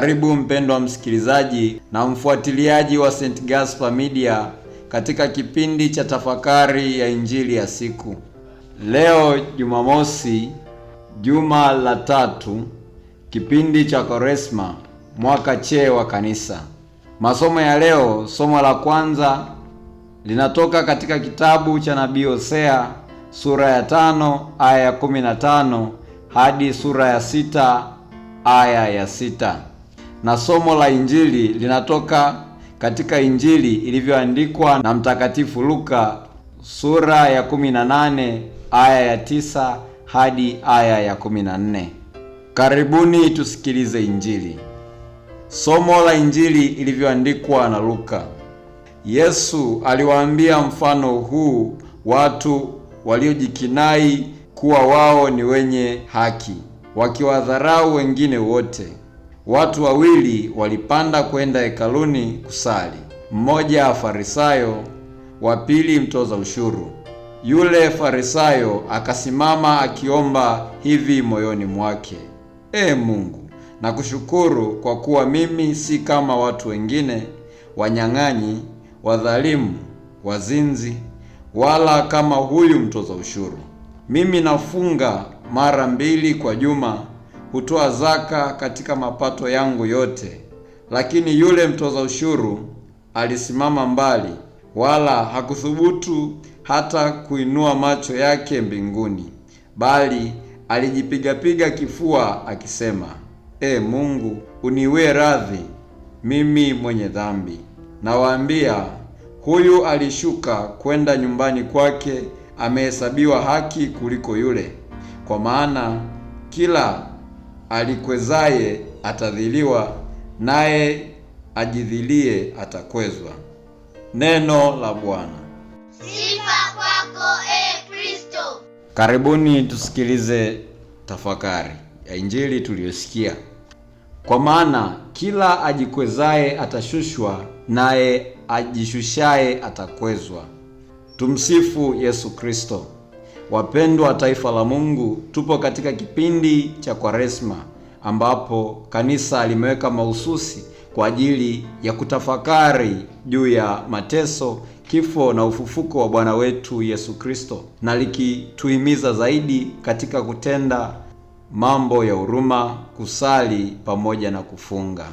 Karibu mpendwa msikilizaji na mfuatiliaji wa St. Gaspar Media katika kipindi cha tafakari ya injili ya siku. Leo Jumamosi, juma la tatu, kipindi cha koresma mwaka che wa Kanisa. Masomo ya leo, somo la kwanza linatoka katika kitabu cha nabii Hosea sura ya tano aya ya kumi na tano hadi sura ya sita aya ya sita na somo la Injili linatoka katika Injili ilivyoandikwa na Mtakatifu Luka sura ya 18 aya ya 9 hadi aya ya 14. Karibuni tusikilize Injili. Somo la Injili ilivyoandikwa na Luka. Yesu aliwaambia mfano huu watu waliojikinai kuwa wao ni wenye haki, wakiwadharau wengine wote watu wawili walipanda kwenda hekaluni kusali, mmoja Farisayo, wa pili mtoza ushuru. Yule Farisayo akasimama akiomba hivi moyoni mwake, Ee Mungu, nakushukuru kwa kuwa mimi si kama watu wengine, wanyang'anyi, wadhalimu, wazinzi, wala kama huyu mtoza ushuru. Mimi nafunga mara mbili kwa juma hutoa zaka katika mapato yangu yote. Lakini yule mtoza ushuru alisimama mbali, wala hakuthubutu hata kuinua macho yake mbinguni, bali alijipigapiga kifua akisema, E Mungu, uniwe radhi mimi mwenye dhambi. Nawaambia, huyu alishuka kwenda nyumbani kwake amehesabiwa haki kuliko yule, kwa maana kila alikwezaye atadhiliwa, naye ajidhilie atakwezwa. Neno la Bwana. Sifa kwako e Kristo. Karibuni tusikilize tafakari ya injili tuliyosikia. Kwa maana kila ajikwezaye atashushwa, naye ajishushaye atakwezwa. Tumsifu Yesu Kristo. Wapendwa taifa la Mungu, tupo katika kipindi cha Kwaresma ambapo kanisa limeweka mahususi kwa ajili ya kutafakari juu ya mateso, kifo na ufufuko wa Bwana wetu Yesu Kristo, na likituhimiza zaidi katika kutenda mambo ya huruma, kusali pamoja na kufunga.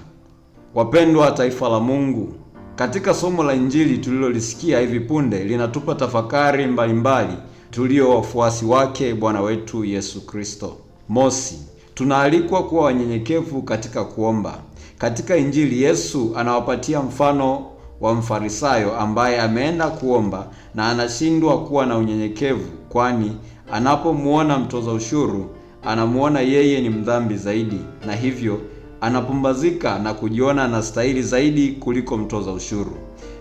Wapendwa taifa la Mungu, katika somo la Injili tulilolisikia hivi punde linatupa tafakari mbalimbali mbali tulio wafuasi wake Bwana wetu Yesu Kristo. Mosi, tunaalikwa kuwa wanyenyekevu katika kuomba. Katika Injili Yesu anawapatia mfano wa Mfarisayo ambaye ameenda kuomba na anashindwa kuwa na unyenyekevu, kwani anapomuona mtoza ushuru anamuona yeye ni mdhambi zaidi, na hivyo anapumbazika na kujiona anastahili zaidi kuliko mtoza ushuru.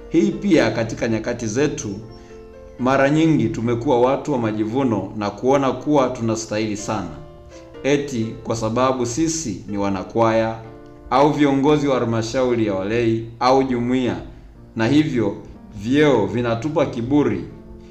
Hii pia katika nyakati zetu mara nyingi tumekuwa watu wa majivuno na kuona kuwa tunastahili sana, eti kwa sababu sisi ni wanakwaya au viongozi wa halmashauri ya walei au jumuiya, na hivyo vyeo vinatupa kiburi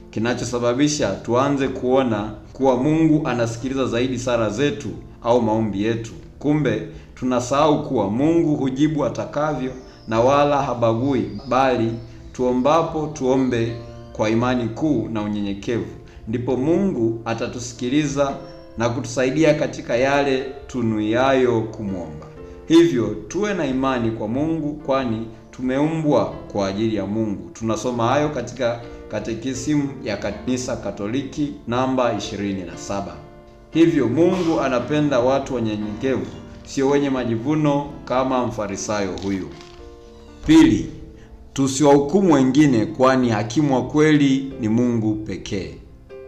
kinachosababisha tuanze kuona kuwa Mungu anasikiliza zaidi sala zetu au maombi yetu. Kumbe tunasahau kuwa Mungu hujibu atakavyo na wala habagui, bali tuombapo tuombe kwa imani kuu na unyenyekevu, ndipo Mungu atatusikiliza na kutusaidia katika yale tunuiayo kumwomba. Hivyo tuwe na imani kwa Mungu, kwani tumeumbwa kwa ajili ya Mungu. Tunasoma hayo katika Katekisimu ya Kanisa Katoliki namba 27. Hivyo Mungu anapenda watu wanyenyekevu, sio wenye majivuno kama mfarisayo huyu. Pili, tusiwahukumu wengine, kwani hakimu wa kweli ni Mungu pekee.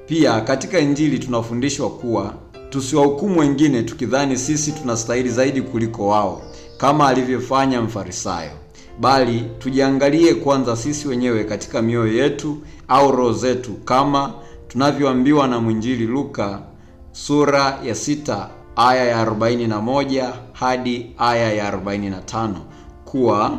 Pia katika Injili tunafundishwa kuwa tusiwahukumu wengine tukidhani sisi tunastahili zaidi kuliko wao kama alivyofanya Mfarisayo, bali tujiangalie kwanza sisi wenyewe katika mioyo yetu au roho zetu, kama tunavyoambiwa na mwinjili Luka sura ya sita aya ya 41 hadi aya ya 45 kuwa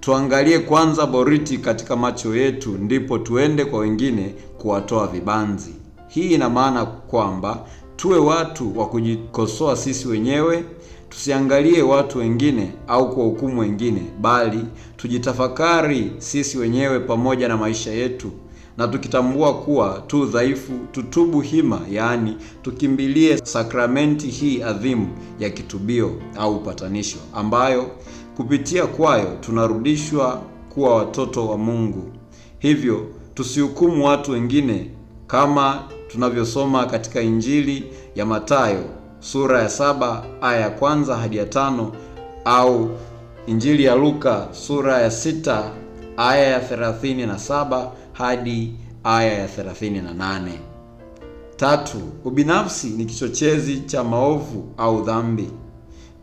Tuangalie kwanza boriti katika macho yetu, ndipo tuende kwa wengine kuwatoa vibanzi. Hii ina maana kwamba tuwe watu wa kujikosoa sisi wenyewe, tusiangalie watu wengine au kwa hukumu wengine, bali tujitafakari sisi wenyewe pamoja na maisha yetu, na tukitambua kuwa tu dhaifu, tutubu hima, yaani tukimbilie sakramenti hii adhimu ya kitubio au upatanisho ambayo Kupitia kwayo tunarudishwa kuwa watoto wa Mungu. Hivyo tusihukumu watu wengine kama tunavyosoma katika Injili ya Mathayo sura ya saba aya ya kwanza hadi ya tano au Injili ya Luka sura ya sita aya ya thelathini na saba hadi aya ya thelathini na nane. Tatu, ubinafsi ni kichochezi cha maovu au dhambi.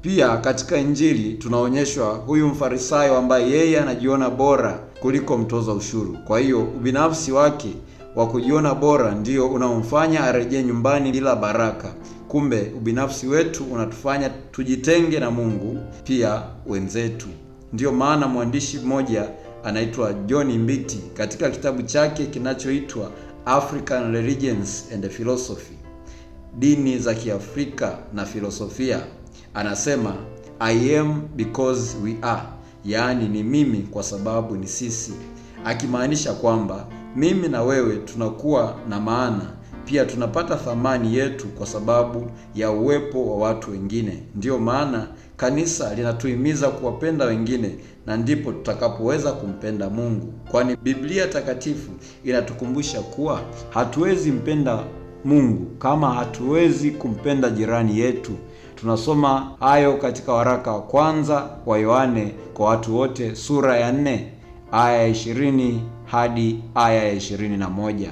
Pia katika Injili tunaonyeshwa huyu Mfarisayo ambaye yeye anajiona bora kuliko mtoza ushuru. Kwa hiyo ubinafsi wake wa kujiona bora ndio unaomfanya arejee nyumbani bila baraka. Kumbe ubinafsi wetu unatufanya tujitenge na Mungu pia wenzetu. Ndiyo maana mwandishi mmoja anaitwa John Mbiti katika kitabu chake kinachoitwa African Religions and Philosophy, dini za Kiafrika na filosofia anasema I am because we are, yaani ni mimi kwa sababu ni sisi, akimaanisha kwamba mimi na wewe tunakuwa na maana pia tunapata thamani yetu kwa sababu ya uwepo wa watu wengine. Ndiyo maana kanisa linatuhimiza kuwapenda wengine, na ndipo tutakapoweza kumpenda Mungu, kwani Biblia Takatifu inatukumbusha kuwa hatuwezi mpenda Mungu kama hatuwezi kumpenda jirani yetu. Tunasoma hayo katika waraka wa kwanza wa Yohane kwa watu wote sura ya nne aya ya ishirini hadi aya ya ishirini na moja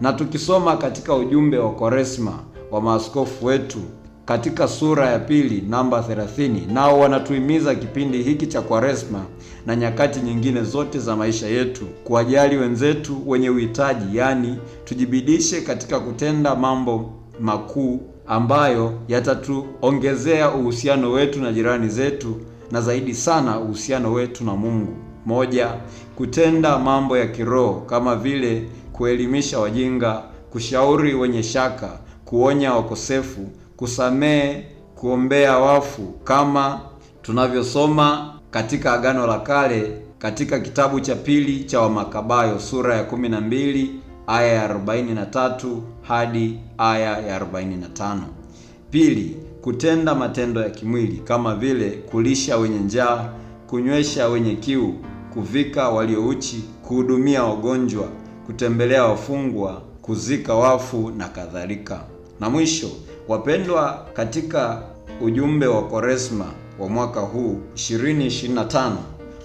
na tukisoma katika ujumbe wa Kwaresma wa maaskofu wetu katika sura ya pili namba 30, nao wanatuhimiza kipindi hiki cha Kwaresma na nyakati nyingine zote za maisha yetu kuwajali wenzetu wenye uhitaji, yaani tujibidishe katika kutenda mambo makuu ambayo yatatuongezea uhusiano wetu na jirani zetu na zaidi sana uhusiano wetu na Mungu. Moja, kutenda mambo ya kiroho kama vile kuelimisha wajinga, kushauri wenye shaka, kuonya wakosefu, kusamehe, kuombea wafu kama tunavyosoma katika Agano la Kale katika kitabu cha pili cha Wamakabayo sura ya kumi na mbili aya ya 43 hadi aya ya 45. Pili, kutenda matendo ya kimwili kama vile kulisha wenye njaa, kunywesha wenye kiu, kuvika waliouchi, kuhudumia wagonjwa, kutembelea wafungwa, kuzika wafu na kadhalika. Na mwisho, wapendwa, katika ujumbe wa Kwaresma wa mwaka huu 2025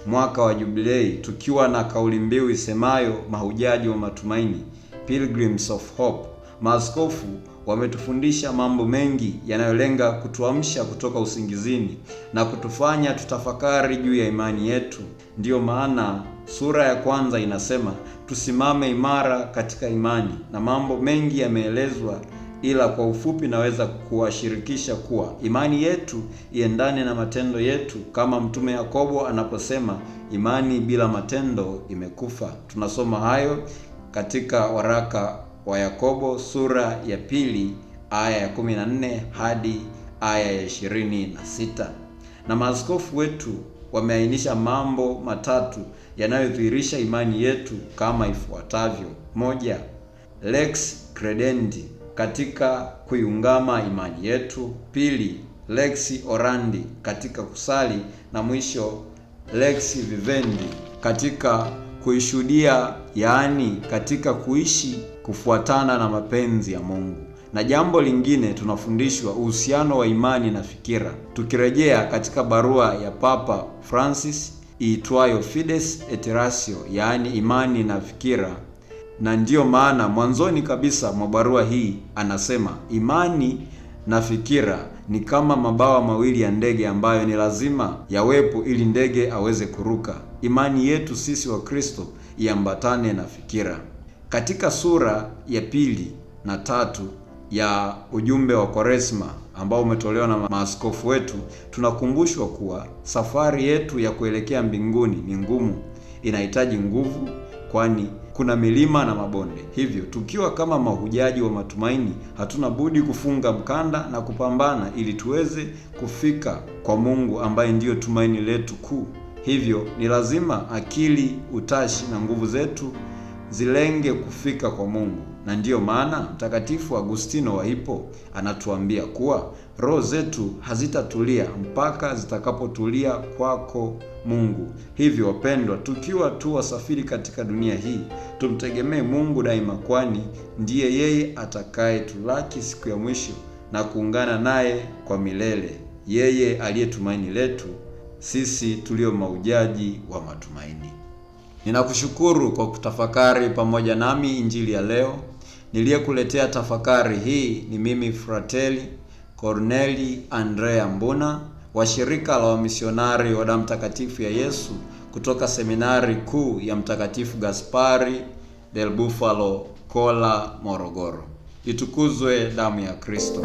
mwaka wa jubilei tukiwa na kauli mbiu isemayo mahujaji wa matumaini, Pilgrims of Hope. Maaskofu wametufundisha mambo mengi yanayolenga kutuamsha kutoka usingizini na kutufanya tutafakari juu ya imani yetu. Ndiyo maana sura ya kwanza inasema tusimame imara katika imani, na mambo mengi yameelezwa ila kwa ufupi naweza kuwashirikisha kuwa imani yetu iendane na matendo yetu, kama Mtume Yakobo anaposema imani bila matendo imekufa. Tunasoma hayo katika waraka wa Yakobo sura ya pili aya ya 14 hadi aya ya 26. Na maaskofu wetu wameainisha mambo matatu yanayodhihirisha imani yetu kama ifuatavyo: moja, lex credendi katika kuiungama imani yetu, pili lexi orandi katika kusali, na mwisho lexi vivendi katika kuishuhudia, yaani katika kuishi kufuatana na mapenzi ya Mungu. Na jambo lingine tunafundishwa uhusiano wa imani na fikira, tukirejea katika barua ya Papa Francis iitwayo Fides et Ratio, yaani imani na fikira na ndiyo maana mwanzoni kabisa mwa barua hii anasema imani na fikira ni kama mabawa mawili ya ndege ambayo ni lazima yawepo ili ndege aweze kuruka. Imani yetu sisi wa Kristo iambatane na fikira. Katika sura ya pili na tatu ya ujumbe wa Kwaresma ambao umetolewa na maaskofu wetu, tunakumbushwa kuwa safari yetu ya kuelekea mbinguni ni ngumu, inahitaji nguvu, kwani kuna milima na mabonde. Hivyo tukiwa kama mahujaji wa matumaini, hatuna budi kufunga mkanda na kupambana ili tuweze kufika kwa Mungu ambaye ndiyo tumaini letu kuu. Hivyo ni lazima akili, utashi na nguvu zetu zilenge kufika kwa Mungu. Na ndiyo maana Mtakatifu Agustino wa Hippo anatuambia kuwa roho zetu hazitatulia mpaka zitakapotulia kwako Mungu. Hivyo wapendwa, tukiwa tu wasafiri katika dunia hii, tumtegemee Mungu daima, kwani ndiye yeye atakaye tulaki siku ya mwisho na kuungana naye kwa milele, yeye aliye tumaini letu, sisi tulio maujaji wa matumaini. Ninakushukuru kwa kutafakari pamoja nami Injili ya leo. Niliyekuletea tafakari hii ni mimi Frateli Corneli Andrea Mbuna wa shirika la wamisionari wa damu takatifu ya Yesu kutoka seminari kuu ya Mtakatifu Gaspari del Bufalo Kola, Morogoro. Itukuzwe damu ya Kristo!